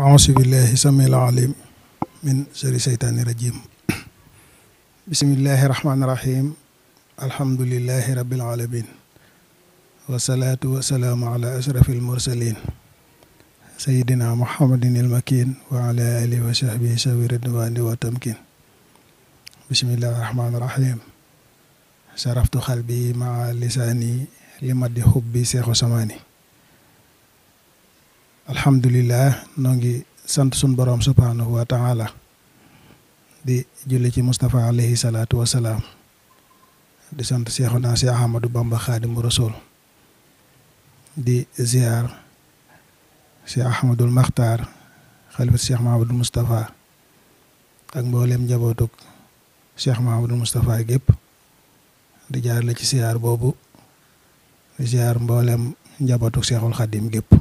auusu billaahi samiil aliim min sharri seytaani rajiim bismillaahi rahmaani rahiim alhamdulillaahi rabbil aalamiin wasalaatu wasalaamu ala ashrafil mursaliin sayyidina muhammadin il makiin wa ala aalihi wa sahbihi sawi ridwaani wa tamkiin bismillaahi rahmaani rahiim saraftu xalbi maa lisaani li maddi xubbi seexu samaani alhamdulilah noo ngi sant sun boroom subhanahu wa taala di julli ci Moustapha alayhi salaatu wasalaam di sant Seexuna Seex Ahmadu Bamba Xaadimu Rasuul di ziar Seex Ahmadul Maxtaar xalifa Seex Mahamadul Moustapha ak mboolem njabootug Seex Mahamadul Moustapha gépp di jaar la ci ziar boobu di ziar mboolem njabootug Seexul Xaadim gépp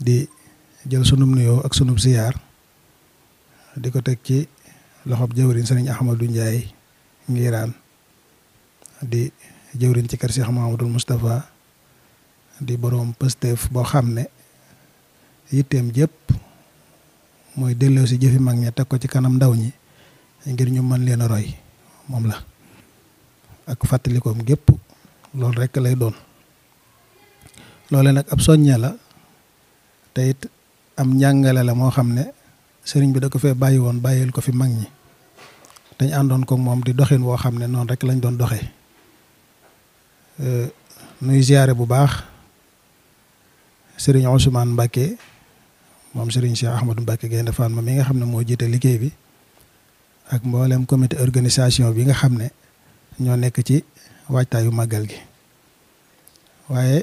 di jël sunum nuyoo ak sunub siyaar di ko teg ci loxob jëwriñ sëriñ Ahmadou Ndiaye Ngiraan di jëwriñ ci kër Cheikh Mahamadul di boroom pësteef boo xam ne yitteem jëpp mooy delloo si jëfi mag ña teg ko ci kanam ndaw ñi ngir ñu mën leen a roy moom la ak fàttalikoom gépp loolu rekk lay doon loole nag ab soññe la te am njàngale la moo xam ne sëriñ bi da ko fee bàyyi woon bàyyil ko fi mag ñi dañ àndoon ko moom di doxin woo xam ne noonu rek lañ doon doxee euh, nuy ziyaare bu baax sëriñ Ousmane Mbacke moom sëriñ Cheikh Ahmadou Mbacke Gaynde Fatma mi nga xam ne moo jiite liggéey bi ak mboolem comité organisation bi nga xam ne ñoo nekk ci waajtaayu màggal gi waaye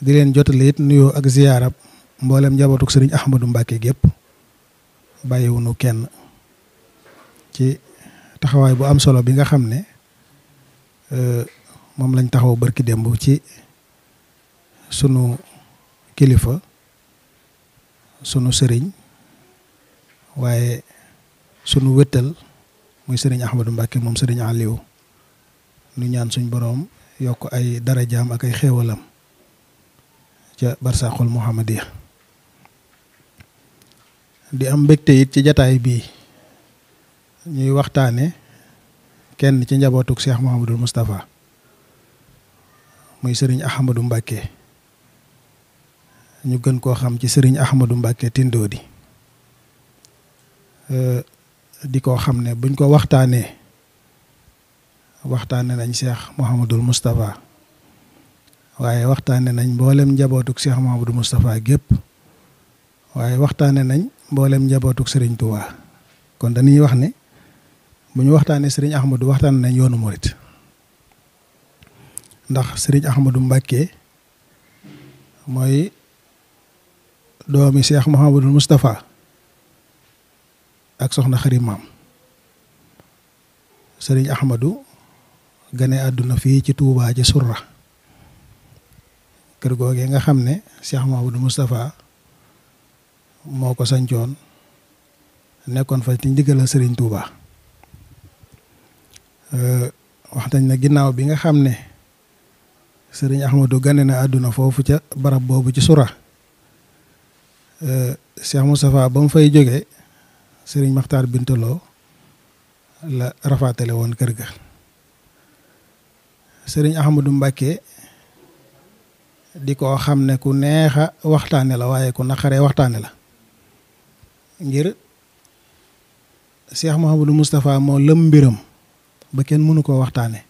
di leen jotale it nuyoo ak ziyaarab mboolem njabootuk sëriñ Ahmadou Mbacke gépp bàyyiwunu kenn ci taxawaay bu am solo bi nga xam ne euh, moom lañ taxaw barki démb ci sunu kilifa sunu sëriñ waaye sunu wëttal muy sëriñ Ahmadou Mbacke moom sëriñ Aliou nu ñaan suñ boroom yokk ay darajaam ak ay xéewalam ca barsaaxul muhammadiya di am mbégte ci jataay bii ñuy waxtaane kenn ci njabootuk Cheikh Mouhamadul Moustapha muy sëriñ Ahmadou Mbacke ñu gën koo xam ci sëriñ Ahmadou Mbacke Tindodi di koo xam ne buñ ko waxtaanee waxtaane nañ Cheikh Mouhamadul Moustapha waaye waxtaane nañ mboolem njabootug Cheikh Mahamadou Moustapha gépp waaye waxtaane nañ mboolem njabootug sëriñ Touba kon dañuy wax ne bu ñu waxtaanee Serigne Ahmadou waxtaan nañ yoonu murit ndax Serigne Ahmadou Mbacké mooy doomi Cheikh Mahamadou Moustapha ak soxna xarit maam Serigne Ahmadou gane àdduna fii ci tuubaa ci Surra kër googee nga xam ne Cheikh Mouhamadou Moustapha moo ko sancoon nekkoon fa ci ndigal Serigne Touba euh, wax nañ na ginnaaw bi nga xam ne Serigne Ahmadou gane na àdduna foofu ca barab boobu ci sura euh, Cheikh Moustapha ba mu fay jóge Serigne Makhtar Bintaloo la rafaatale woon kër ga Serigne Ahmadou Mbacke di koo xam ne ku neex a waxtaane la waaye ku naqaree waxtaane la ngir Cheikh Mouhamadou Moustapha moo lëm mbiram ba kenn mënu koo waxtaane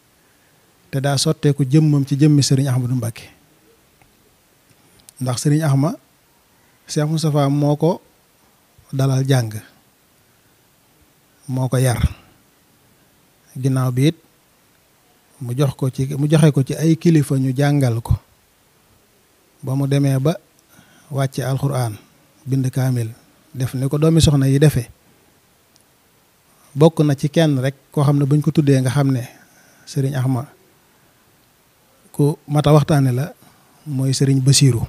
te daa sotteeku jëmmam ci jëmmi sëriñ du Mbacké ndax sëriñ Ahma Cheikh Moustapha moo ko dalal jàng moo ko yar ginnaaw bi mu jox ko ci mu joxe ko ci ay kilifa ñu jàngal ko ba mu demee ba wàcce alxuraan bind kaamil def ni ko doomi soxna yi defe bokk na ci kenn rek koo xam ne bañ ko tuddee nga xam ne sëriñ ma ku mata waxtaane la mooy sëriñ Basiiru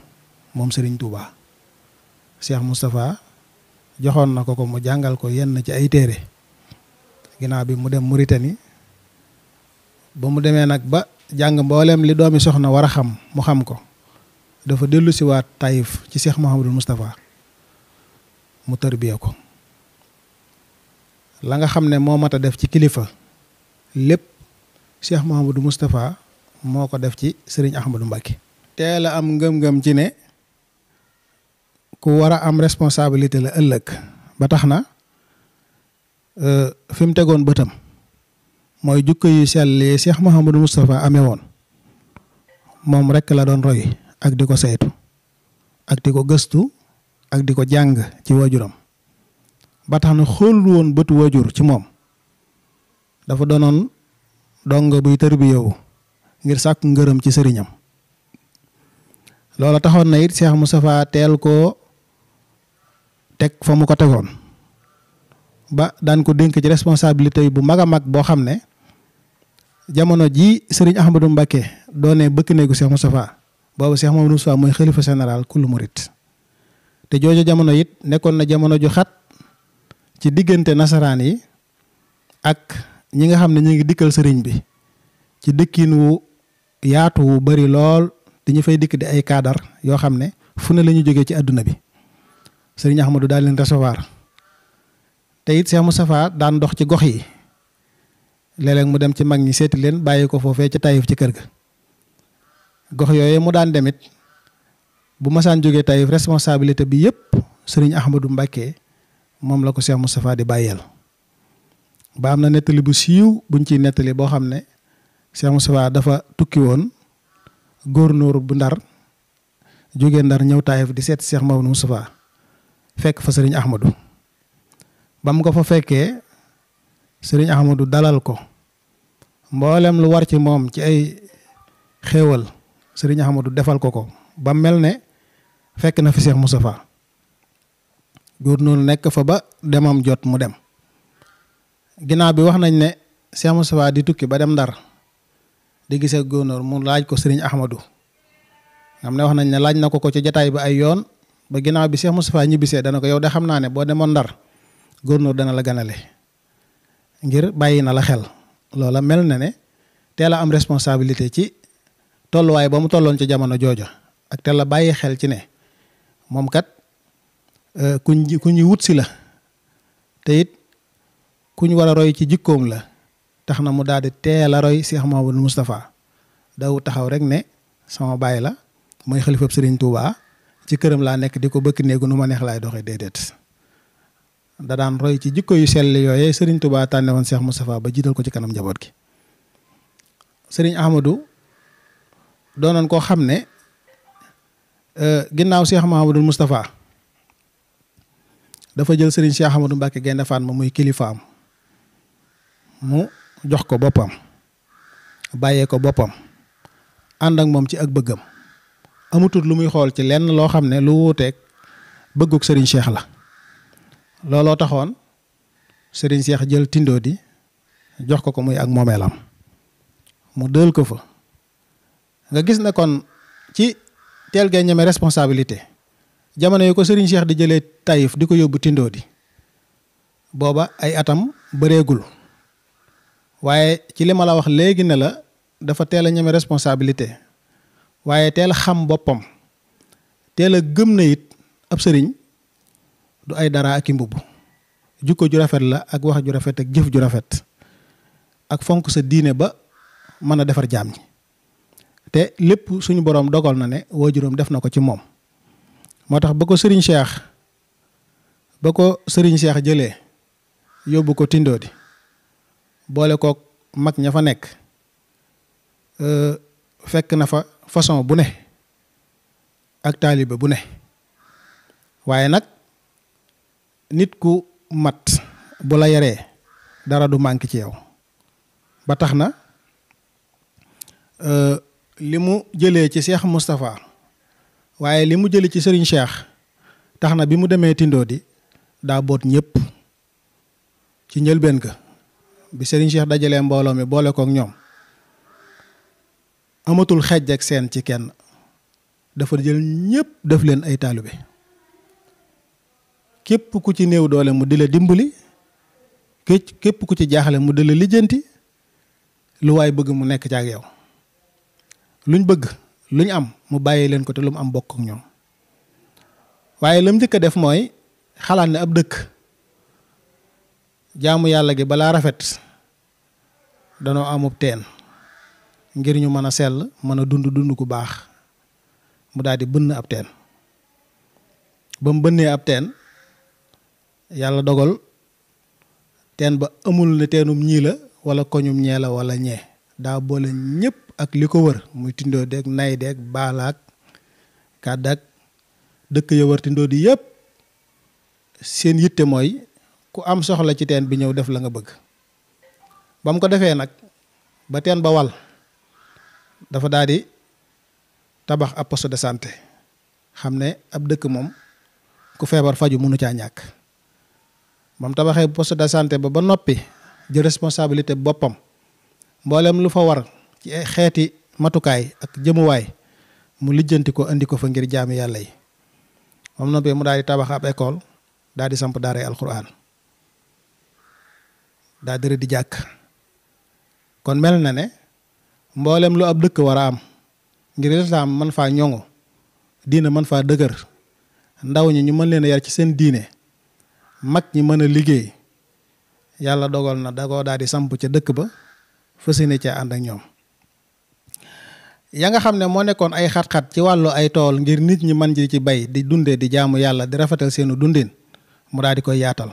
moom sëriñ Touba. Cheikh Moustapha joxoon na ko ko mu jàngal ko yenn ci ay téere ginnaaw bi mu dem Mauritanie ba mu demee nag ba jàng mboolem li doomi soxna war a xam mu xam ko dafa dellu si waat Taïf ci Cheikh Mouhamadul Moustapha mu tërbiya ko la nga xam ne moo mat a def ci kilifa lépp Cheikh Mouhamadul Moustapha moo ko def ci Serigne Ahmadou Mbacké teel am ngëm-ngëm ci ne ku war a am responsabilité la ëllëg ba tax na euh, fi mu tegoon bëtam mooy jukko yu sell yi Cheikh Mouhamadul Moustapha amee woon moom rek la doon roy ak di ko saytu ak di ko gëstu ak di ko jàng ci wajuram ba tax na xoolul woon bëtu wajur ci moom dafa doonoon dong buy tërbiyewu ngir sàkk ngërëm ci sëriñam loola taxoon na it Cheikh Moustapha teel koo teg fa mu ko tegoon ba daan ko dénk ci responsabilité bu mag a mag boo xam ne jamono ji sëriñ Ahmadou mbakke doone bëkk néegu Cheikh Moustapha boobu Cheikh Mamadou Moussa mooy xalifa général kullu rit te jooju jamono it nekkoon na jamono ju xat ci diggante nasaraan yi ak ñi nga xam ne ñu ngi dikkal sëriñ bi ci dëkkin wu yaatu wu bari lool dañu fay dikk di ay kaadar yoo xam ne fu ne la jógee ci àdduna bi sëriñ Ahmadou daal leen recevoir te it mu Moustapha daan dox ci gox yi léeg mu dem ci mag ñi seeti leen bàyyi ko foofee ca Taïf ci kër ga. gox yooyu mu daan demit bu masaan jógee Taïf responsabilité bi yëpp sëriñ Ahmadou Mbacké moom la ko Cheikh Moustapha di bàyyeel ba am na nettali bu siiw buñ ciy nettali boo xam ne Cheikh Moustapha dafa tukki woon góornóor bu ndar jógee ndar ñëw Taïf di seet Cheikh Maodo Moustapha fekk fa sëriñ Ahmadou ba mu ko fa fekkee sëriñ Ahmadou dalal ko mboolem lu war ci moom ci ay xéewal sëriñ Ahmadou defal ko ko ba mel ne fekk na fi Cheikh Moustapha góor noonu nekk fa ba demam jot mu dem ginnaaw bi wax nañ ne Cheikh Moustapha di tukki ba dem Ndar di gisee góor mu laaj ko sëriñ Ahmadou xam ne wax nañ ne laaj na ko ko ci jataay ba ay yoon ba ginnaaw bi Cheikh Moustapha ñibbisee dana ko yow de xam naa ne boo demoon Ndar góor dana la ganale ngir bàyyi na la xel loola mel na ne teela am responsabilité ci tolluwaay ba mu tolloon ca jamono jooja ak te la bàyyi xel ci ne moom kat euh, kuñ ku ñu wut si la te it kuñ war a roy ci jikkoom la tax na mu daal di teel a roy Cheikh Mouhamadou Moustapha daw taxaw rek ne sama baay la mooy xalifab sëriñ Touba ci këram laa nekk di ko bëkk néegu nu ma neex laay doxee déedéet da daan roy ci jikko yu sell yooyee Serigne Touba tànne woon Cheikh Moustapha ba jiital ko ci kanam njaboot gi Serigne Ahmadou doonoon koo xam ne euh, ginnaaw Cheikh Mahamadul Moustapha dafa jël Serigne Cheikh Amadou Mbacke Gaynde Fatma muy kilifaam mu jox ko boppam bàyyee ko boppam ànd ak moom ci ak bëggam amutut lu muy xool ci lenn loo xam ne lu wuuteeg bëgguk sëriñ Cheikh la looloo taxoon sëriñ seex jël tindoo di jox ko ko muy ak moomeelam mu dël ko fa. nga gis na kon ci teel gee ñeme responsabilité jamono yi ko Serigne Cheikh di jëlee Taïf di ko yóbbu Tindoo di booba ay atam bëreegul waaye ci li ma la wax léegi ne la dafa teel a ñeme responsabilité waaye teel xam boppam teel a gëm na it ab sëriñ du ay dara ak i mbubb jukko ju rafet la ak wax ju rafet ak jëf ju rafet ak fonk sa diine ba mën a defar jaam ñi te lépp suñu borom dogal na ne juróom def na ko ci moom moo tax ba ko sëriñ Cheikh ba ko sëriñ Cheikh jëlee yóbbu ko tindoo Tindoodi boole kook mag ña fa nekk euh, fekk na fa façon bu ne ak taalibe bu ne waaye nag nit ku mat bu la yaree dara du mànk ci yow ba tax na euh, li mu jëlee ci Cheikh Moustapha waaye li mu jëlee ci Serigne Cheikh tax na bi mu demee Tindodi daa boot ñëpp ci njëlbeen ka bi Serigne Cheikh dajalee mbooloo mi boole kook ñoom amatul xejj ak seen ci kenn dafa jël ñëpp def leen ay taalibe képp ku ci néew doole mu di la dimbali képp ku ci jaaxle mu di la lijjanti lu waay bëgg mu nekk ci ak yow. luñ bëgg luñ am mu bàyyi leen ko te lu mu am bokk ak ñoom waaye la njëkk a def mooy xalaat ne ab dëkk jaamu yàlla gi balaa rafet danoo amub teen ngir ñu mën a sell mën a dund dund ku baax mu daal di bënn ab teen ba mu bënnee ab teen yàlla dogal teen ba amul ne teenum ñii la wala koñum ñee la wala ñee daa boole ñépp ak li ko wër muy tindoo deeg nay deeg baalaak kàddak dëkk ya wër tindoo di yëpp seen yitte mooy ku am soxla ci teen bi ñëw def la nga bëgg ba ko defee nag ba teen ba wal dafa daal di tabax ab poste de santé xam ne ab dëkk moom ku feebar faju mënu caa ñàkk moom mu tabaxee poste de santé ba ba noppi jël responsabilité boppam mboolem lu fa war ci xeeti matukaay ak jëmuwaay mu lijjanti ko andi ko fa ngir jaami yàlla yi moom noppee mu daal di tabax ab école daal di samp daaray alquran daal di rëdd jàkk kon mel na ne mboolem lu ab dëkk am ngir lislaam mën faa ñoŋu diine mën faa dëgër ndaw ñi ñu mën leen yar ci seen diine mag ñi mën a liggéey yàlla dogol na da koo daal di samp ca dëkk ba fas yéene ànd ak ñoom ya nga xam ne moo nekkoon ay xat-xat ci wàllu ay tool ngir nit ñi mën ji ci bay di dundee di jaamu yàlla di rafetal seenu dundin mu daal di koy yaatal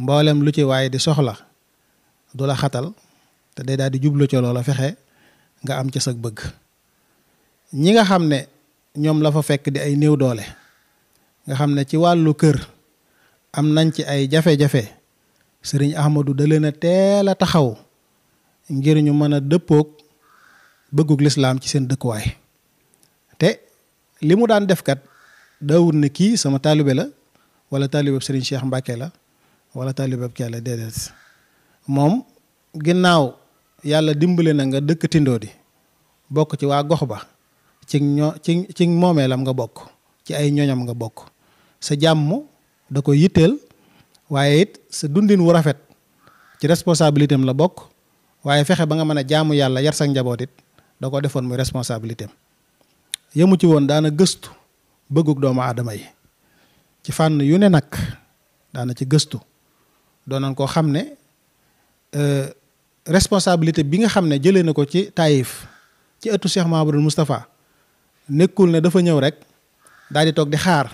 mboolem lu ci waaye di soxla du la xatal te day daal di jublu ca loola fexe nga am ca sag bëgg ñi nga xam ne ñoom la fa fekk di ay néew doole nga xam ne ci wàllu kër am nañ ci ay jafe-jafe sëriñ Ahmadou du leen a teel taxaw ngir ñu mën a dëppook bëggug lislaam ci seen dëkkuwaay te li mu daan defkat kat daawut ne kii sama taalibe la wala taalibeeb Serigne Cheikh Mbacke la wala taalibeeb kee la déedéet moom ginnaaw yàlla dimbale na nga dëkk tindoo di bokk ci waa gox ba ci ñoo ci ci moomeelam nga bokk ci ay ñoñam nga bokk sa jàmm da ko yitteel waaye it sa dundin wu rafet ci responsabilité la bokk waaye fexe ba nga mën a jàmm yàlla yar sa njaboot it da ko defoon muy responsabilité am ci woon daana gëstu bëggug doomu aadama yi ci fànn yu ne nag daana ci gëstu doo doonoon koo xam ne euh, responsabilité bi nga xam ne jëlee na ko ci Taïf ci ëttu Cheikh Mahamadou mustapha nekkul ne dafa ñëw rek daal di toog di xaar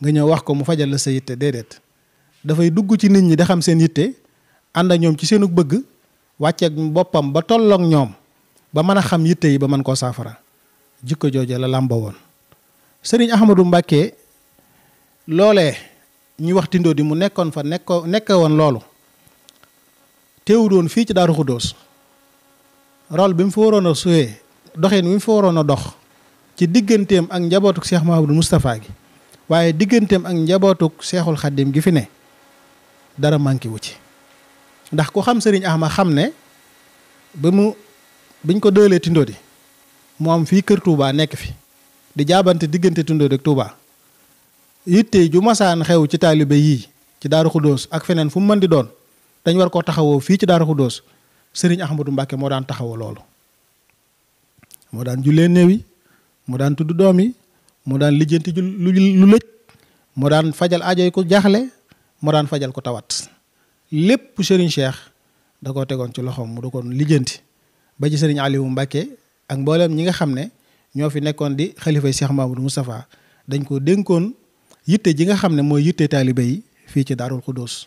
nga ñëw wax ko mu fajal la sa yitte déedéet dafay dugg ci nit ñi da xam seen yitte ànd ak ñoom ci seenu bëgg wàcceek boppam ba tolloog ñoom ba mën a xam yitte yi ba mën koo saafara jikko jooje la làmba woon sëriñ Ahmadou Mbàkke loolee ñu wax Tindodi mu nekkoon fa nekko nekke woon loolu teewu doon fii ci Daaru Xuddoos rôle bi mu fa waroon a suyee doxin bi mu fa waroon a dox ci digganteem ak njabootuk Cheikh Mahamadou gi waaye digganteem ak njabootuk Cheikhul gi fi ne dara manqué wu ci ndax ku xam sëriñ Ahmad xam ne ba mu biñ ko dëlee Tindodi mu am fii kër tuubaa nekk fi di jaabante diggante Tindodi ak Touba yitte ju masaan xew ci taalibe yii ci Daaru Xuddoos ak feneen fu mu mën di doon dañ war koo taxawoo fii ci Daaru Xuddoos Serigne Ahmadou Mbacke moo daan taxawoo loolu. moo daan jullee néew yi moo daan tudd doom yi mu daan lijjanti lu lëj moo daan fajal aajo ko jaaxle moo daan fajal ko tawat lépp Serigne Cheikh da koo tegoon ci loxoom mu da koon lijjanti. ba ci sëriñ Aliou Mbacke ak mboolem ñi nga xam ne ñoo fi nekkoon di xalifay Cheikh Mamadou Moustapha dañ ko dénkoon yitte ji nga xam ne mooy yitte taalibe yi fii ci Daarul Xuddoos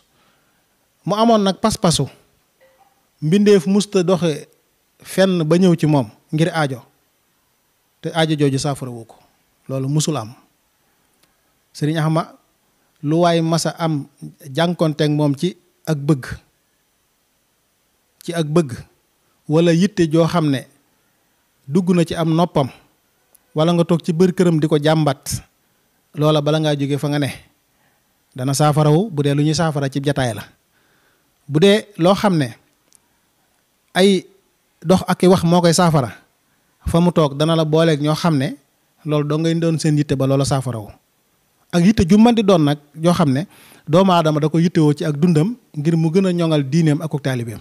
mu amoon nag pas-pasu mbindeef musta doxe fenn ba ñëw ci moom ngir aajo te aajo jooju saafara wu ko loolu musul am sëriñ Axma lu waay masa am jànkonteeg moom ci ak bëgg ci ak bëgg wala yitte joo xam ne dugg na ci am noppam wala nga toog ci bër këram di ko jàmbat loola bala ngaa jóge fa nga ne dana saafarawu bu dee lu ñuy saafara ci jataay la bu dee loo xam ne ay dox ak wax moo koy saafara fa mu toog dana la booleek ñoo xam ne loolu doo ngay doon seen yitte ba loola saafarawu ak yitte ju mën di doon nag joo xam ne doomu aadama da ko yittewoo ci ak dundam ngir mu gën a ñoŋal diineem ak taalibeem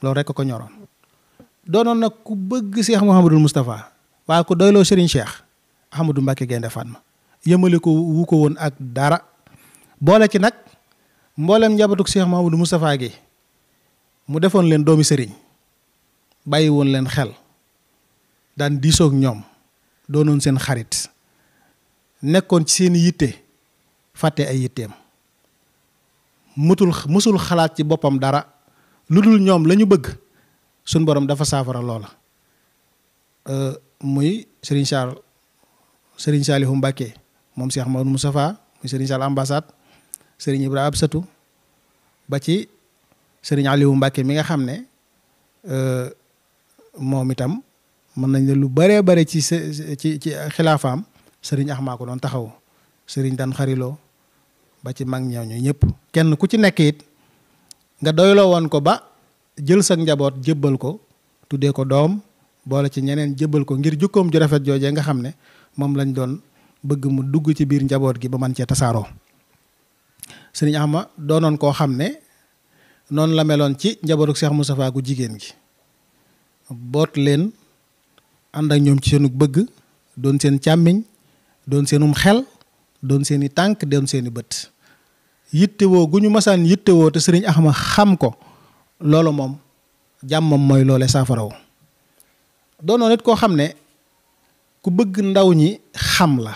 loolu rek ko ñoroon doonoon nag ku bëgg Cheikh Mouhamadul Moustapha waaye ku doyloo Serigne Cheikh Ahmadou Mbacke Gaynde Fatma yëmale ko wu ko woon ak dara boole ci nag mboolem njabatuk Cheikh Mouhamadul Moustapha gi mu defoon leen doomi Serigne bàyyi woon leen xel daan diisoog ñoom doonoon seen xarit nekkoon ci seen yitte fàtte ay yitteem mëtul mësul xalaat ci boppam dara lu dul ñoom lañu bëgg suñ borom dafa saafara loola muy Serigne Sall Serigne Saliou Mbacké moom Cheikh Maodo Moustapha muy Serigne Sall ambassade Serigne Ibrahima Absatou ba ci Serigne Aliou Mbacké mi nga xam ne euh, moom itam mën nañ ne lu bëree bëri ci ci ci xilaafaam Serigne Axmaa ko doon taxaw sëriñ Dan Xarilo ba ci mag ñooñu ñëpp kenn ku ci nekk nga doyloo woon ko ba. jël sa njaboot jébbal ko tuddee ko doom boole ci ñeneen jébbal ko ngir jukkoom ju rafet joojee nga xam ne moom lañ doon bëgg mu dugg ci biir njaboot gi ba man cee tasaaroo sëriñ Axma doonoon koo xam ne noonu la meloon ci njabootu Cheikh Moustapha jigéen gi boot leen ànd ak ñoom ci seenu bëgg doon seen càmmiñ doon seenum xel doon seeni tànk doon seeni bët yittewoo gu ñu masaan yittewoo te sëriñ Axma xam ko loolu moom jàmmam mooy loole saafaraw doonoo nit koo xam ne ku bëgg ndaw ñi xam la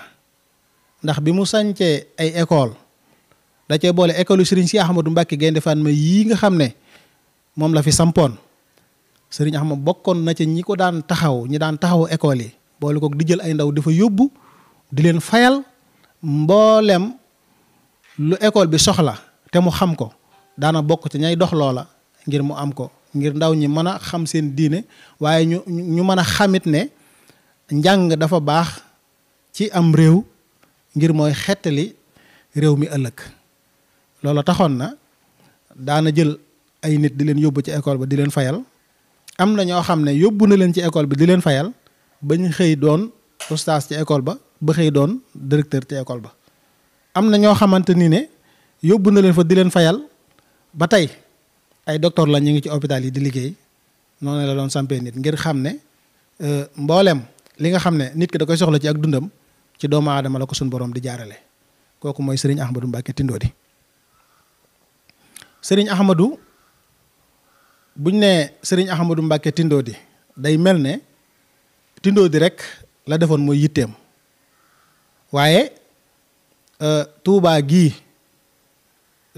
ndax bi mu sañcee ay école dacee boole école yu sëriñ si Ahmadou Mbàkke Gaynde Fatma yii nga xam ne moom la fi sampoon sëriñ Ahmadu bokkoon na ci ñi ko daan taxaw ñi daan taxaw école yi boole ko di jël ay ndaw dafa yóbbu di leen fayal mbooleem lu école bi soxla te mu xam ko daana bokk ci ñay dox loola ngir mu am ko ngir ndaw ñi mën a xam seen diine waaye ñu ñu mën a xamit ne njàng dafa baax ci am réew ngir mooy xettali réew mi ëllëg loolu taxoon na daana jël ay nit di leen yóbbu ci école ba di leen fayal am na ñoo xam ne yóbbu na leen ci école bi di leen fayal ba ñu xëy doon ustaas ci école ba ba xëy doon directeur ci école ba am na ñoo xamante ni ne yóbbu na leen fa di leen fayal ba tey ay docteur la ñu ngi ci hôpital yi di liggéey noonu la doon sampee nit ngir xam ne euh, mboolem li nga xam ne nit ki da koy soxla ci ak dundam ci doomu aadama la ko suñ boroom di jaarale kooku mooy sëriñ Ahmadou Mbacke Tindodi Serigne Ahmadou buñ nee Serigne Ahmadou Mbacke Tindodi day mel ne tindoo di rek la defoon mooy yitteem waaye euh, Touba gii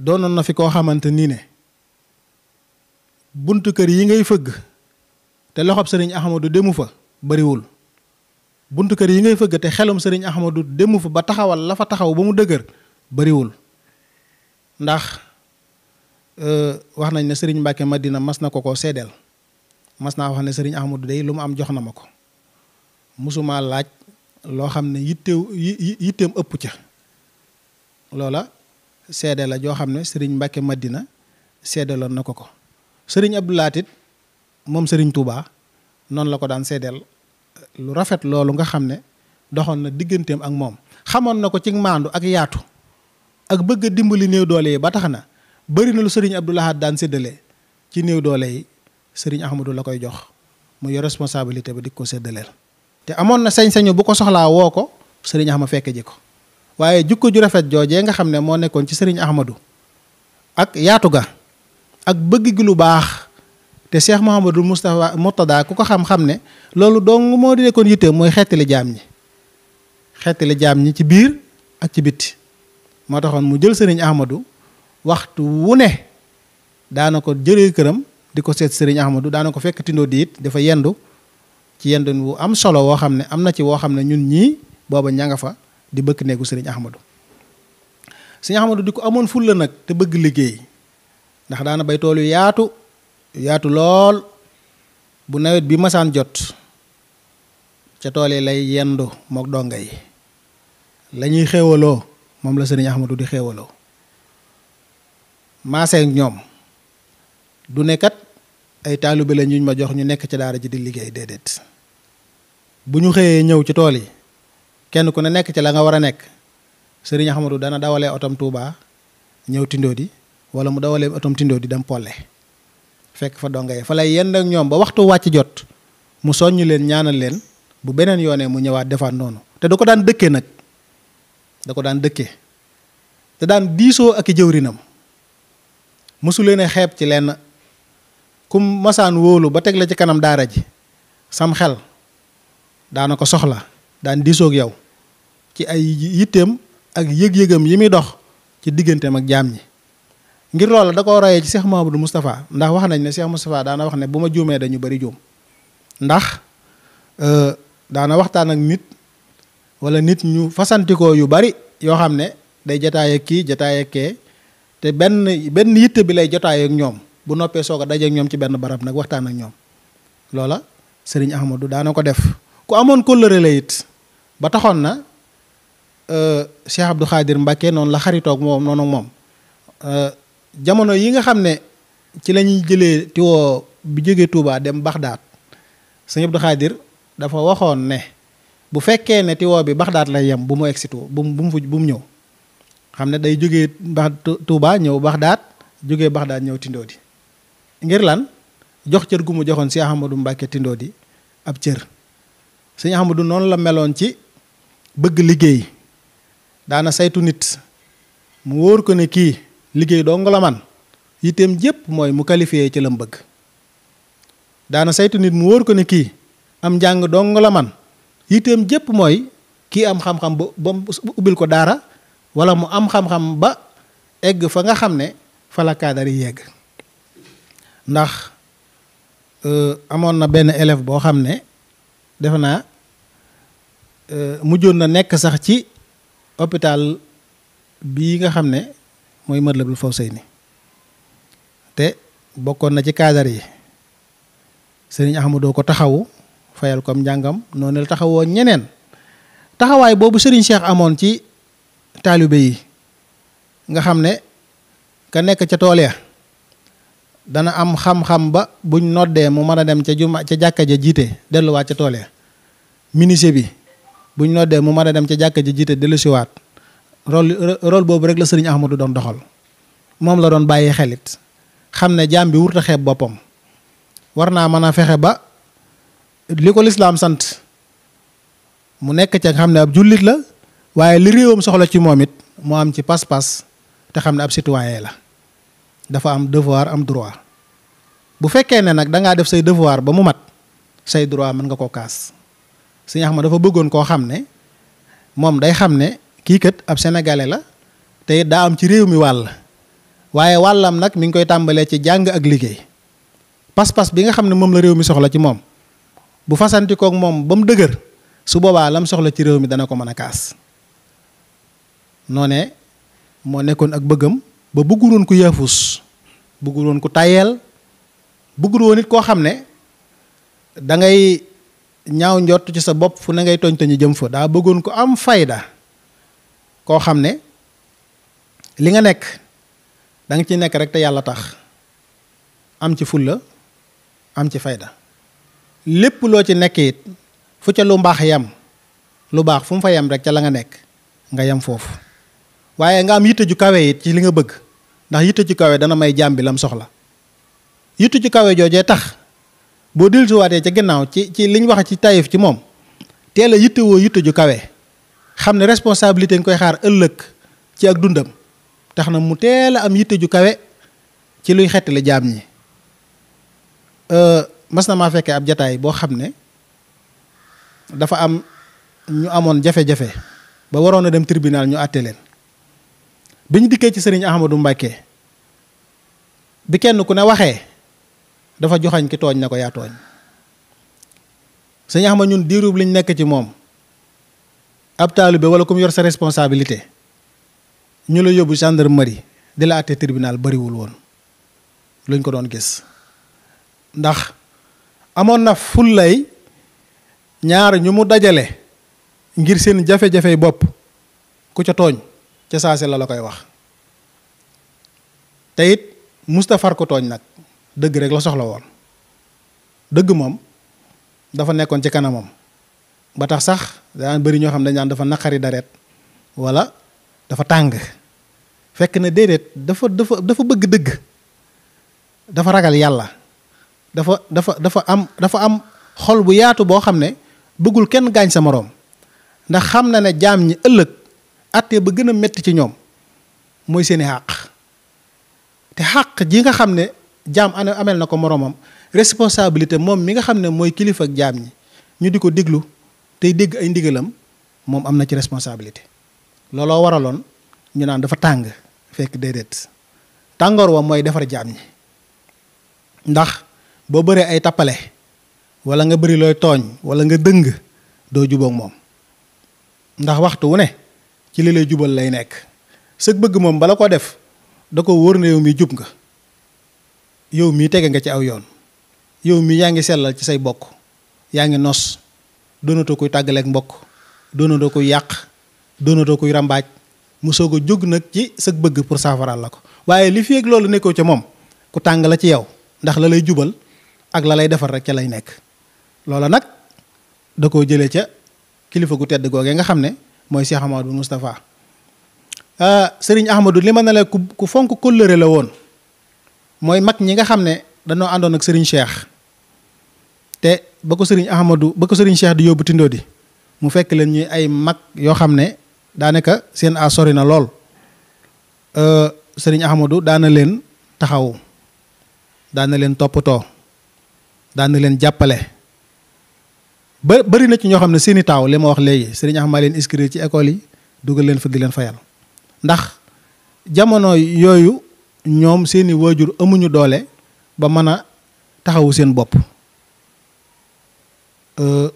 doonoon na fi koo xamante nii ne. buntu kër yi ngay fëgg te loxob sëriñ Axmadu demu fa bariwul buntu kër yi ngay fëgg te xelum sëriñ Axmadu demu fa ba taxawal la fa taxaw ba mu dëgër bariwul ndax euh, wax nañ ne sëriñ Mbàkke Madina mas na ko ko seedeel mas naa wax ne sëriñ Axmadu day lu mu am jox na ma ko musuma laaj loo xam ne yittew yitteem ëpp ca loola seede la joo xam ne sëriñ Mbàkke Madina seedeloon na ko ko sëriñ Abdou Lahat moom sëriñ Touba noonu la ko daan seedeel lu rafet loolu nga xam ne doxoon na digganteem ak moom xamoon na ko ci maandu ak yaatu ak bëgg a dimbali néew doole yi ba tax na bëri na lu sëriñ Abdou daan séddale ci néew doole yi sëriñ Ahmadou la koy jox mu yor responsabilité ba di ko séddaleel te amoon na sañ-sañu bu ko soxlaa woo ko sëriñ Ahmadou fekke ji ko waaye jukko ju rafet joojee nga xam ne moo nekkoon ci sëriñ Ahmadou ak yaatu ga ak bëgg gi lu baax te Cheikh Mouhamadul Moustapha Murtada ku ko xam-xam ne loolu doom moo di nekkoon yitteem mooy xeetali jaam ñi xeetali jaam ñi ci biir ak ci bitti moo taxoon mu jël sëriñ Ahmadou waxtu wu ne daana ko jëlee këram di ko seet sëriñ Ahmadou daana ko fekk tindoo di it dafa yendu ci yendu wu am solo woo xam ne am na ci woo xam ne ñun ñii booba ña nga fa di bëkk neegu sëriñ Ahmadou sëriñ Ahmadou di ko amoon fulla nag te bëgg liggéey ndax daana bay tool yaatu yaatu lool bu nawet bi masaan jot ca tool yi lay yendu mook donga yi lañuy ñuy xéewaloo moom la sëriñ Ahmadou di xéewaloo maaseeg ñoom du nekkat ay taalibe la ñu ma jox ñu nekk ci daara ji di liggéey déedéet bu ñu xëyee ñëw ci tool yi kenn ku ne nekk ci la nga war a nekk sëriñ Ahmadou dana dawalee otam tuuba ñëw Tindodi wala mu dawalee otoom tindoo di dem pole fekk fa donga yi fa lay yend ak ñoom ba waxtu wàcc jot mu soññ leen ñaanal leen bu beneen yoonee mu ñëwaat defaat noonu te da ko daan dëkke nag da ko daan dëkke te daan diisoo ak i jëwrinam mësuleene xeeb ci lenn kum masaan wóolu ba teg la ci kanam daara ji sam xel daana ko soxla daan diisoog yow ci ay yitteem ak yëg-yëgam yi muy dox ci digganteem ak jaam yi ngir loolu da koo royee ci Cheikh Mamadou Moustapha ndax wax nañ ne seex Moustapha daana wax ne bu ma juumee dañu bari juum ndax euh, daana waxtaan ak nit wala nit ñu fasantikoo yu bari yoo xam ne day jotaay kii jotaay ak te benn benn yitte bi lay jotaay ñoom bu noppee soog a dajeek ñoom ci benn barab nag waxtaan ak ñoom loola sëriñ Ahmadou daana ko def ku amoon kóllëre la it ba taxoon na euh, Cheikh Abdou Khadir Mbacke noonu la xaritoog moom noonu moom euh, jamono yi nga xam ne ci la jëlee tiwo bi jógee Touba dem Baxdaat sëñ Abdou Khadir dafa waxoon ne bu fekkee ne tiwo bi Baxdaat lay yem bu mu egsi bu mu bu mu bu mu ñëw xam ne day jógee ba Touba ñëw Baxdaat jógee Baxdaat ñëw Tindoodi ngir lan jox cër gu mu joxoon si Ahmadou Mbacke Tindoodi ab cër sëñ Ahmadou noonu la meloon ci bëgg liggéey daana saytu nit mu wóor ko ne kii. liggéey doo nga la yitteem jépp mooy mu qualifié ci lam bëgg daana saytu nit mu wóor ko ne kii am njàng dong la man yitteem jëpp mooy kii am xam-xam ba ubbil ko daara wala mu am xam-xam ba egg fa nga xam ne fa la kaadar yegg ndax euh, amoon na benn élève boo xam ne defe naa euh, mujjoon na nekk sax ci hôpital bii nga xam ne mooy Matlabul Fawzayni te bokkoon na ci cadre yi sëriñ doo ko taxawu fayal ko njàngam noonu la taxawoo ñeneen taxawaay boobu sëriñ Cheikh amoon ci taalibe yi nga xam ne ka nekk ca tool ya dana am xam-xam ba buñ noddee mu mën a dem ca juma ca jàkka ja jiite delluwaat ca tool ya ministre bi buñ noddee mu mën a dem ca jàkka ji jiite dellusiwaat rôle rôle boobu rek la sëriñ Ahmadou doon doxal moom la doon bàyyi xelit xam ne jaam bi wurta xeeb boppam war naa mën a fexe ba li ko lislaam sant mu nekk ca xam ne ab jullit la waaye li réewam soxla ci moom it mu am ci pas-pas te xam ne ab citoyen la dafa am devoir am droit bu fekkee ne nag dangaa def say devoir ba mu mat say droit mën nga koo kaas sëñ ma dafa bëggoon koo xam ne moom day xam ne kii kat ab sénégalais la tey daa am ci réew mi wàll waaye wàllam nag mi ngi koy tàmbalee ci jàng ak liggéey pas-pas bi nga xam ne moom la réew mi soxla ci moom bu fasanti koog moom ba mu dëgër su boobaa lam soxla ci réew mi dana ko mën a kaas noo ne moo nekkoon ak bëggam ba bëgguloon ku yaafus bëgguloon ku tayeel bëgguloon it koo xam ne dangay ngay ñaaw njott ci sa bopp fu na ngay toñ toñu jëm fa daa bëggoon ko am fayda koo xam ne li nga nekk danga ci nekk rek te yàlla tax am ci fulla am ci fayda lépp loo ci nekk it fu ca lu mbaax yam lu baax fu mu fa yem rek ca la nga nekk nga yem foofu waaye nga am yitte ju kawe it ci li nga bëgg ndax yitte ju kawe dana may jaam bi lam soxla yitte ju kawe joojee tax boo dellusiwaatee ca ginnaaw ci ci liñ wax ci tayif ci moom teel a yitte woo yitte ju kawe xam ne responsabilité nga koy xaar ëllëg ci ak dundam tax na mu teel a am yitte ju kawe ci luy xettali jaam ñi euh, mas na maa fekkee ab jataay boo xam ne dafa am ñu amoon jafe-jafe ba waroon a dem tribunal ñu àtte leen bi ñu dikkee ci sëriñ Ahmadou Mbacke bi kenn ku ne waxee dafa joxañ ki tooñ na ko yaa tooñ sëriñ Ahmad ñun diirub liñ nekk ci moom ab taalibe wala ku mu yor sa responsabilité ñu la yóbbu gendarmerie di la àtte tribunal bariwul woon luñ ko doon gis ndax amoon na fullay ñaar ñu mu dajale ngir seen jafe-jafey bopp ku ca tooñ ca saase la la koy wax te it Mustafar ko tooñ nag dëgg rek la soxla woon dëgg moom dafa nekkoon ci kanamam ba tax sax daan bëri ñoo xam dañ naan dafa naqari daret wala dafa tàng fekk na déedéet dafa dafa dafa bëgg dëgg dafa ragal yàlla dafa dafa dafa am dafa am xol bu yaatu boo xam ne bëggul kenn gaañ sa moroom ndax xam na ne jaam ñi ëllëg àtte ba gën a metti ci ñoom mooy seeni xàq te xàq ji nga xam ne jaam ameel na ko moroomam responsabilité moom mi nga xam ne mooy kilifa ak jaam ñi ñu di ko déglu tey dégg ay ndigalam moom am na ci responsabilité looloo waraloon ñu naan dafa tàng fekk déedéet tàngoor wa mooy defar jaam ñi ndax boo bëree ay tappale walla nga bëri looy tooñ wala nga dëng doo jubóog moom ndax waxtu wu ne ci li lay jubal lay nekk sëg bëgg moom bala ko def da ko wóor na yow mi jub nga yow mii tege nga ci aw yoon yow mii yaa ngi sellal ci say bokk yaa ngi nos doonatoo koy tàggaleeg mbokk doonatoo koy yàq doonatoo koy ràmbaaj mu soog a jóg nag ci sa bëgg pour saafaraal la ko waaye li fi ak loolu nekkoo ca moom ku tàng la ci yow ndax la lay jubal ak la lay defar rek ca lay nekk loola nag da koo jëlee ca kilifa gu tedd googee nga xam ne mooy Cheikh Ahmadou Moustapha ah, sëriñ Ahmadou li ma ne la ku fonk kóllëre la woon mooy mag ñi nga xam ne danoo àndoon ak sëriñ Cheikh te ba ko sëriñ Ahmadou ba ko sëriñ Cheikh di yóbbu tindoo di mu fekk leen ñuy ay mag yoo xam ne daanaka seen a sori na lool euh, sëriñ Ahmadou daana leen taxawu daana leen toppatoo daana leen jàppale ba bëri na ci ñoo xam ne seeni taaw li ma wax léegi sëriñ Ahmad leen inscrire ci école yi dugal leen fa di leen fayal ndax jamono yooyu ñoom seeni waajur amuñu doole ba mën a taxawu seen bopp Euh,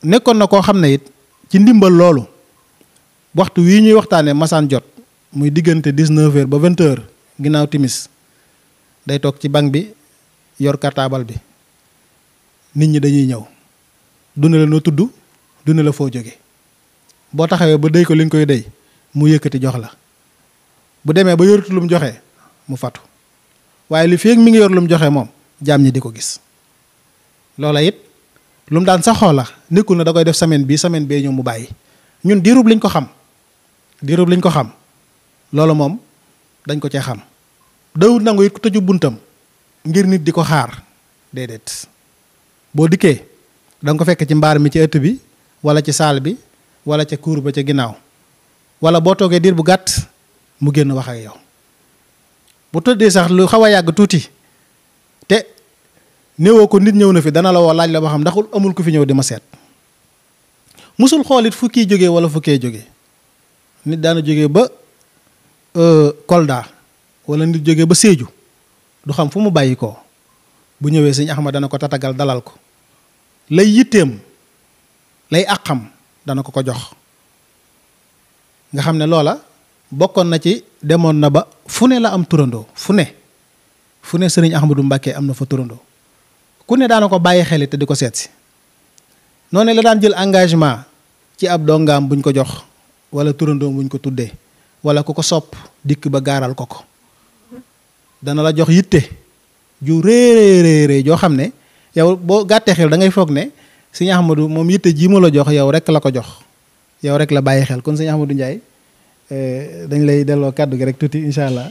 nekkoon na koo xam ne it ci ndimbal loolu waxtu wii ñuy waxtaanee masaan jot muy diggante dix-neuf heures ba vingt heures ginnaaw timis day toog ci banc bi yor cartable bi nit ñi dañuy ñëw du la noo tudd du la foo jóge boo taxawee ba déy ko liñ koy déy mu yëkkati jox la bu demee ba yoratu lu mu joxe mu fattu waaye li feeg mi ngi yor lu joxe moom jaam ñi di ko gis loola it lu mu daan saxoo la nekkul na da koy def semaine bi semaine bee ñëw mu bàyyi ñun diirub liñ ko xam diirub liñ ko xam loolu moom dañ ko cee xam dawut nangu it ku tëju buntam ngir nit di ko xaar déedéet boo dikkee da ko fekk ci mbaar mi ci ëtt bi wala ci saal bi wala ca kuur ba ca ginnaaw walla boo toogee diir bu gàtt mu génn wax ak yow bu tëddee sax lu xaw a yàgg tuuti néewoo ko nit ñëw na fi dana la woo laaj la ba xam ndaxul amul ku fi ñëw di ma seet musul xool it jógee wala fukkee jóge jógee nit daana jógee ba euh, Kolda walla nit jógee ba Sédhiou du xam fu mu bàyyi ko bu ñëwee sëñ Axma dana ko tatagal dalal ko lay yitteem lay àqam dana ko ko jox nga xam ne loola bokkoon na ci demoon na ba fu ne la am turandoo fu ne fu ne sëriñ Axmadu Mbàkke am na fa turandoo ku ne daana ko bàyyi xel te di ko seet si noonu la daan jël engagement ci ab dongaam buñ ko jox wala turandoom buñ ko tuddee wala ku ko sopp dikk ba gaaral ko ko dana la jox yitte ju réeréeréerée joo xam ne yow boo gàttee xel da ngay foog ne sëñ du moom yitte ji ma la jox yow rek la ko jox yow rek la bàyyi xel kon sëñ Ahmadou Ndiaye eh, dañ lay delloo kàddu gi rek tuuti incha allah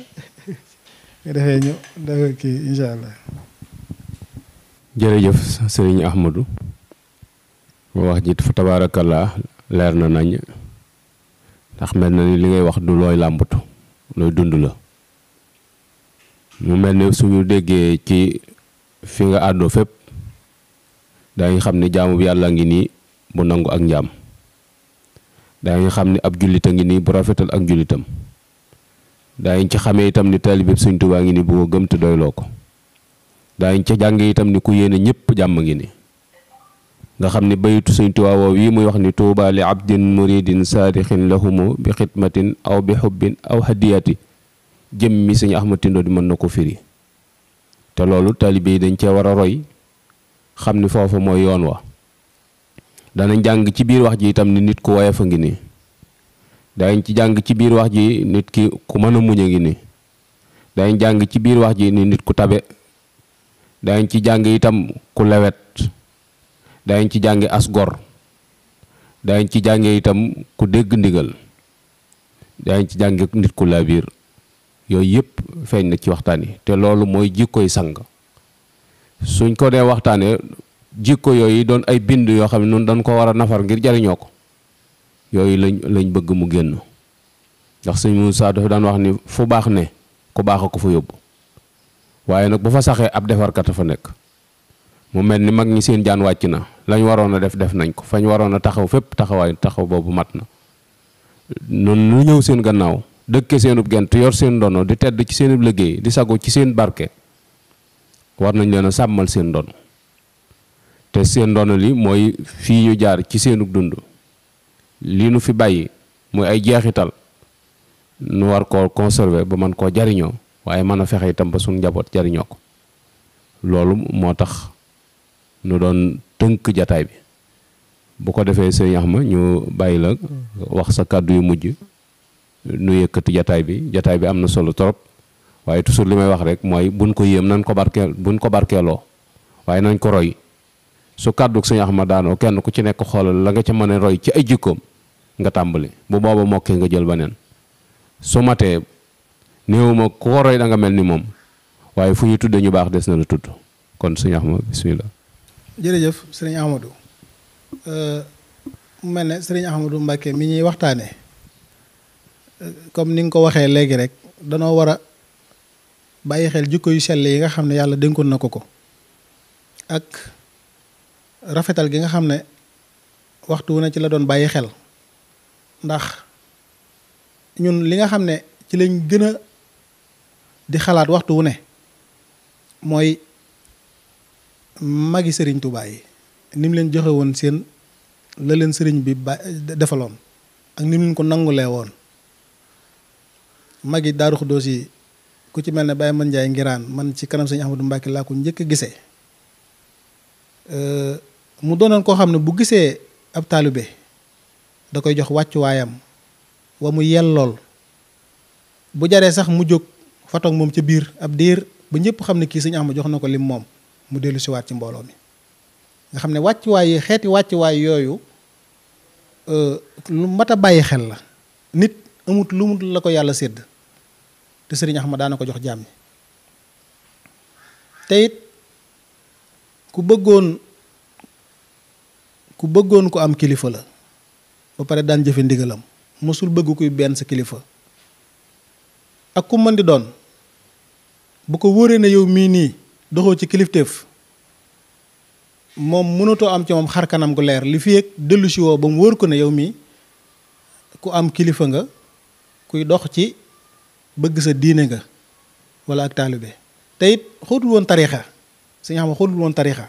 defee ñu defee kii incha allah jërëjëf sëriñ Ahmadou wax ji fa tabaarakallaa leer na nañ ndax mel na ni li ngay wax du looy làmbatu looy dund la mu mel ni suñu déggee ci fi nga àddoo fépp daa ngi xam ne jaamu bi yàlla ngi nii bu nangu ak njaam ngi xam ni ab jullit a ngi nii bu rafetal ak jullitam ngi ci xamee itam ni taalibe Sëriñ Tuubaa ngi nii bu ko gëm te doyloo ko daañ ca jàng itam ni ku yéene ñëpp jàmm ngi ni nga xam ni bayitu Sëñ Tuubaa woow yi muy wax ni tuuba li abdin muridin saadixin lahumu bi xidmatin aw bi xubbin aw hadiyati jëm mi Sëñ Ahmad Tindo di mën na ko firi te loolu taalibe yi dañ cee war a roy xam ni foofa mooy yoon wa danañ jàng ci biir wax ji itam nit ku woyof ngi nii ci jàng ci biir wax ji nit ki mën a muñ a ngi nii daañ jàng ci biir wax ji ni nit ku tabe daañ ci jàng itam ku lewet daañ ci jànge as gor daañ ci jànge itam ku dégg ndigal daañ ci jànge nit ku laabiir yooyu yëpp feeñ na ci waxtaan yi te loolu mooy jikkoy sang suñ ko dee waxtaanee jikko yooyu doon ay bind yoo xam ne noonu dañ ko war a nafar ngir jariñoo ko yooyu lañ lañ bëgg mu génn ndax sëñ Moussa dafa daan wax ni fu baax ne ku baax ko fa yóbbu waaye nag bu fa saxee ab defarkat a fa nekk mu mel ni mag ñi seen jaan wàcc na lañ waroon a def def nañ ko fañ waroon a taxaw fépp taxawaay taxaw boobu mat na noonu lu ñëw seen gannaaw dëkke seenub gent yor seen dono di tedd ci seenub liggéey di sago ci seen barke war nañ leen a sàmmal seen ndono te seen ndono li mooy fii ñu jaar ci seenub dund lii nu fi bàyyi muy ay jeexital nu war koo conserver ba man koo jariñoo waaye mën a fexe itam ba suñ njaboot jariñoo ko loolu moo tax nu doon tënk jataay bi bu ko defee sëñ ma ñu bàyyi la wax sa kàddu yu mujj nu yëkkati jataay bi jataay bi am na solo trop waaye toujours li may wax rek mooy buñ ko yéem nañ ko barkeel buñ ko barkeeloo waaye nañ ko roy su kàddu sëñ ma daanoo kenn ku ci nekk xoolal la nga ci mën roy ci ay jikkoom nga tàmbali bu booba mokkee nga jël beneen su matee néewuma ko roy danga mel ni moom waaye fu ñu tudd ñu baax des na la tudd kon suñu wax ma bisimilah. jërëjëf sëriñ Amadou mu mel ne sëriñ Amadou Mbacke mi ñuy waxtaanee comme ni nga ko waxee léegi rek danoo war a bàyyi xel jikko yu sell yi nga xam ne yàlla dénkoon na ko ko ak rafetal gi nga xam ne waxtu wu ne ci la doon bàyyi xel ndax ñun li nga xam ne ci lañ gën di xalaat waxtu wu ne mooy mag yi sëriñ Tuubaa yi ni leen joxewoon seen la leen sëriñ bi ba defaloon ak ni mu leen ko nangulee woon magi Daaru Xudoos yi ku ci mel ne Baye Man Njaay ngiraan man ci kanam sëñ Ahmadou Mbàkke laa ko njëkk a mu doonoon koo xam ne bu gisee ab taalibe da koy jox wàccuwaayam wa mu yellool bu jaree sax mu jóg fa moom ca biir ab diir ba ñëpp xam ne kii sëñ ma jox na ko lim moom mu dellu si waat ci mbooloo mi nga xam ne wàccuwaay yi xeeti wàccuwaay yooyu euh, lu mat a bàyyi xel la nit amut lu mu la ko yàlla sédd te sëriñ Ahmad daana ko jox jàmm te ku bëggoon ku bëggoon ko am kilifa la ba pare daan jëfe ndigalam mosul bëgg kuy benn sa kilifa ak ku mën di doon bu ko wóoree na yow mii nii doxoo ci kilifteef moom mënatoo am ci moom xar kanam gu leer li fi dellu si woo ba mu wóor ko ne yow mii ku am kilifa nga kuy dox ci bëgg sa diine nga wala ak taalibe te it woon tariixa si nga xam ne woon tariixa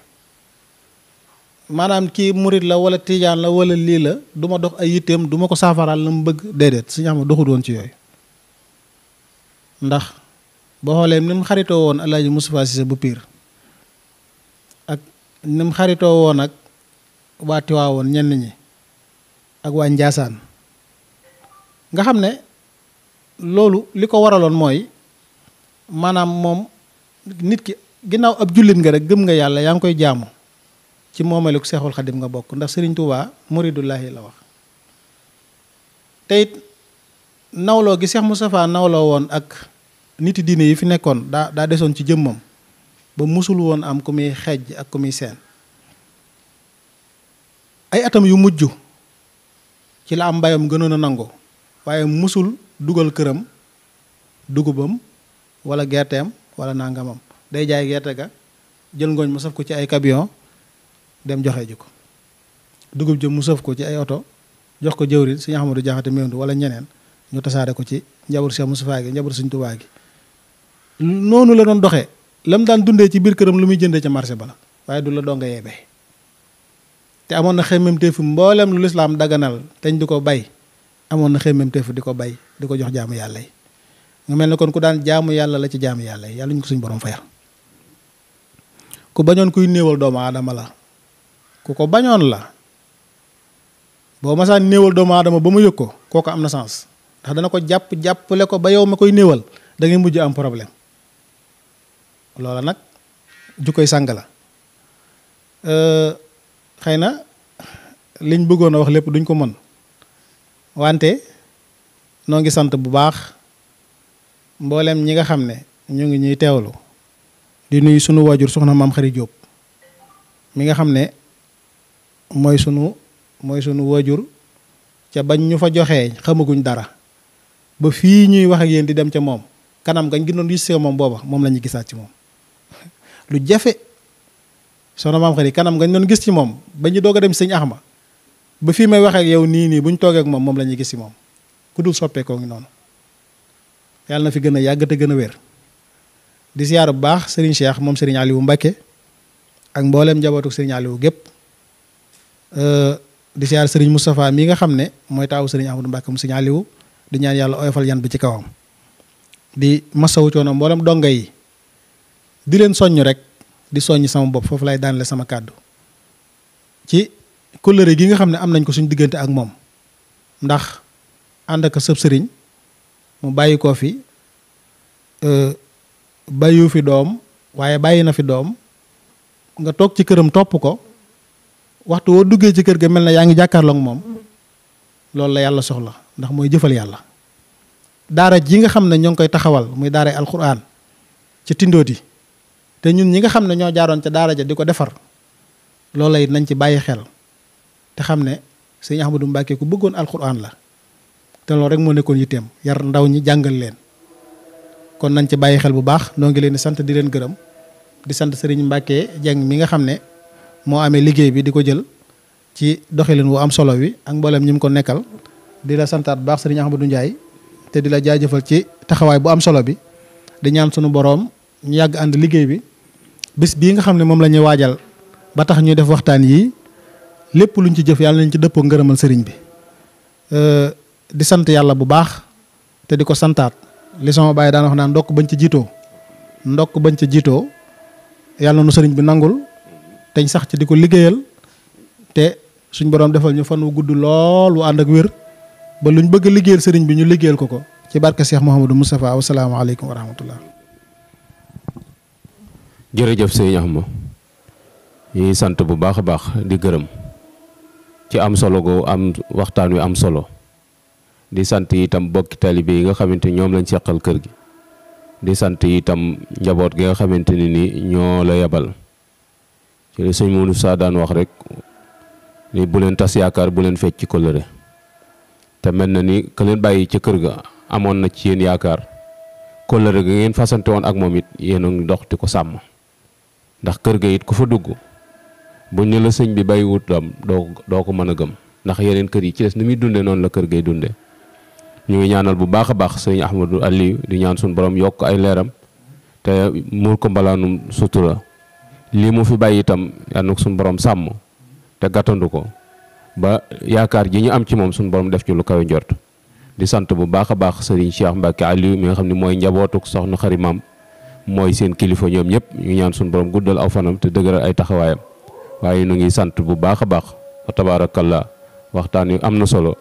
maanaam kii murit la wala tiijaan la wala lii la duma ma dox ay yitteem du ko saafaraal la mu bëgg déedéet si nga xam doxut woon ci yooyu ndax boo xoolee ni mu xaritoo woon El Hadj Moustapha Cissé bu Pire ak ni xaritoo woon ak waa Tiwaawoon ñenn ñi ak waa Njaasaan nga xam ne loolu li ko waraloon mooy maanaam moom nit ki ginnaaw ab jullit nga rek gëm nga yàlla yaa ngi koy jaamu ci moomeelu Seexul Xadim nga bokk ndax Sëriñ Tuubaa muridullaahi la wax teyit nawloo gi Seex Mustafaa nawloo woon ak nit diine yi fi nekkoon daa daa desoon ci jëmmam ba musul woon am ku muy xejj ak ku muy seen ay atam yu mujj ci la am mbayam gënoon a nangu waaye musul dugal këram dugubam wala gerteem wala nangamam day jaay gerte ga jël ngooñ mu saf ko ci ay kabiyon dem joxe ji ko dugub ji mu saf ko ci ay oto jox ko jëwrin Sëriñ Ahmadu Jaxate Mendu wala ñeneen ñu tasaare ko ci njabootu Cheikh Moustapha gi njabootu Sëriñ Tuubaa gi noonu la doon doxee lam daan dundee ci biir këram lu muy jëndee ca marché ba la waaye du la donga yeebee te amoon na xemmemteefu mboolem lu am daganal teñ di ko bay amoon na xemmemteefu di ko bay di ko jox jaamu yàlla yi nga mel ne kon ku daan jaamu yàlla la ci jaamu yàlla yi yàlla ñu ko suñ borom fayal ku bañoon kuy néewal doomu aadama la ku ko bañoon la boo masaan néewal doomu aadama ba mu yëg ko kooku am na sens ndax dana ko jàpp jàppale ko ba yow ma koy néewal da ngay am problème loola nag jukkoy sàng la euh, xëy na liñ bëggoon a wax lépp duñ ko mën wante noo ngi sant bu baax mboolem ñi nga xam ne ñu ngi ñuy teewlu di nuyu sunu waajur soxna maam xari Jóob mi nga xam ne mooy sunu mooy sunu waajur ca bañ ñu fa joxee xamaguñ dara ba fii ñuy wax ak di dem ca moom kanam gañ gi doon gis moom booba moom la ñu gisaat ci moom lu jafe soxna maam xëri kanam nga doon gis ci moom ba ñu doog a dem sëñ Axma ba fii may waxeek yow nii nii bu ñu toogee moom moom la ñuy gis ci moom ku dul soppeekoo ngi noonu yàlla na fi gën a yàgg te gën a wér. di siyaar bu baax Serigne Cheikh moom Serigne Aliou Mbacke ak mboolem njabootu Serigne Aliou gépp euh, di siyaar Serigne Moustapha mii nga xam ne mooy taawu Serigne Amadou Mbacke mu Serigne Aliou di ñaan yàlla oyofal yan bi ci kawam. di masawu coono mboolem donga yi di leen soññ rek di soññ sama bopp foofu lay daanale sama kàddu ci kóllëre gi nga xam ne am nañ ko suñu diggante ak moom ndax ànd ak sëb sëriñ mu bàyyi koo fi euh, bàyyiwu fi doom waaye bàyyi na fi doom nga toog ci këram topp ko waxtu woo duggee ci kër ga mel na yaa ngi jàkkaarloog moom loolu la yàlla soxla ndax mooy jëfal yàlla daara ji nga xam ne ñoo ngi koy taxawal muy daaray alquran ci tindooti te ñun ñi nga xam ne ñoo jaaroon ca daara ja di ko defar loola it nañ ci bàyyi xel te xam ne sëñ du Mbacke ku bëggoon alxuraan la te loolu rek moo nekkoon yitteem yar ndaw ñi jàngal leen kon nañ ci bàyyi xel bu baax noo ngi leen di sant di leen gërëm di sant sëriñ mbàkkee Dieng mi nga xam ne moo amee liggéey bi di ko jël ci doxalin wu am solo wi ak mboolem ñi mu ko nekkal di la santaat bu baax sëriñ du Ndiaye te di la jaajëfal ci taxawaay bu am solo bi di ñaan boroom ñu yàgg ànd liggéey bi. bis bii nga xam ne moom la ñuy waajal ba tax ñuy def waxtaan yii lépp luñ ci jëf yàlla nañ ci dëppoo ngërëmal sëriñ bi euh, di sant yàlla bu baax te di ko santaat li sama bàyyi daan wax naan ndokk bañ ci jiitoo ndokk bañ ci jiitoo yàlla na nu sëriñ bi nangul teñ sax ci di ko liggéeyal te suñ borom defal ñu fan wu gudd lool wu ànd ak wér ba luñ bëgg liggéeyal sëriñ bi ñu liggéeyal ko ko ci barke Cheikh Mouhamadou Moustapha wassalaamu aleykum wa rahmatullah jërëjëf sëñ Axma ñu ngi sant bu baax a baax di gërëm ci am solo go am waxtaan wi am solo di sant itam bokki taalibe yi nga xamante ñoom lañ seqal kër gi di sant itam njaboot gi nga xamante ne ni ñoo la yebal ci li sëñ Mounou Sa daan wax rek ni bu leen tas yaakaar bu leen fecc ci kóllëre te mel na ni këleen bàyyi ca kër ga amoon na ci yéen yaakaar kóllëre ga ngeen fasante woon ak moom it yéen a ngi dox di ko sàmm. ndax kër ga it ku fa dugg buñ ne la sëñ bi bàyyiwut doom doo doo ko mën a gëm ndax yeneen kër yi ci des ni muy dunde noonu la kër gay dunde ñu ngi ñaanal bu baax a baax sëñ Ahmadou Aliou di ñaan suñ borom yokk ay leeram te muur ko mbalaanum sutura lii mu fi bàyyi itam yal na suñu borom sàmm te gàttandu ko ba yaakaar ji ñu am ci moom suñu borom def ci lu kawe njort di sant bu baax a baax sëriñ Cheikh Mbacke Aliou mi nga xam ne mooy njabootuk soxna xarimam mooy seen kilifa ñoom ñëpp ñu ñaan suñu borom guddal aw fanam te dëgëral ay taxawaayam waaye nu ngi sant bu baax a baax fa waxtaan yu am na solo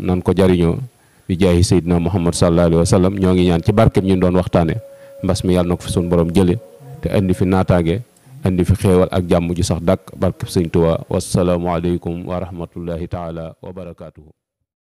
nan ko jariñoo bi jaayi Seydina Muhammad sallallahu alayhi wa sallam ñoo ngi ñaan ci barkeb ñu doon waxtaanee mbas mi yàlla na ko fi suñu borom jële te indi fi naataange indi fi xéewal ak jàmm ju sax dàkk barkeb Sëñ Tuubaa wasalaamualeykum wa rahmatullahi taala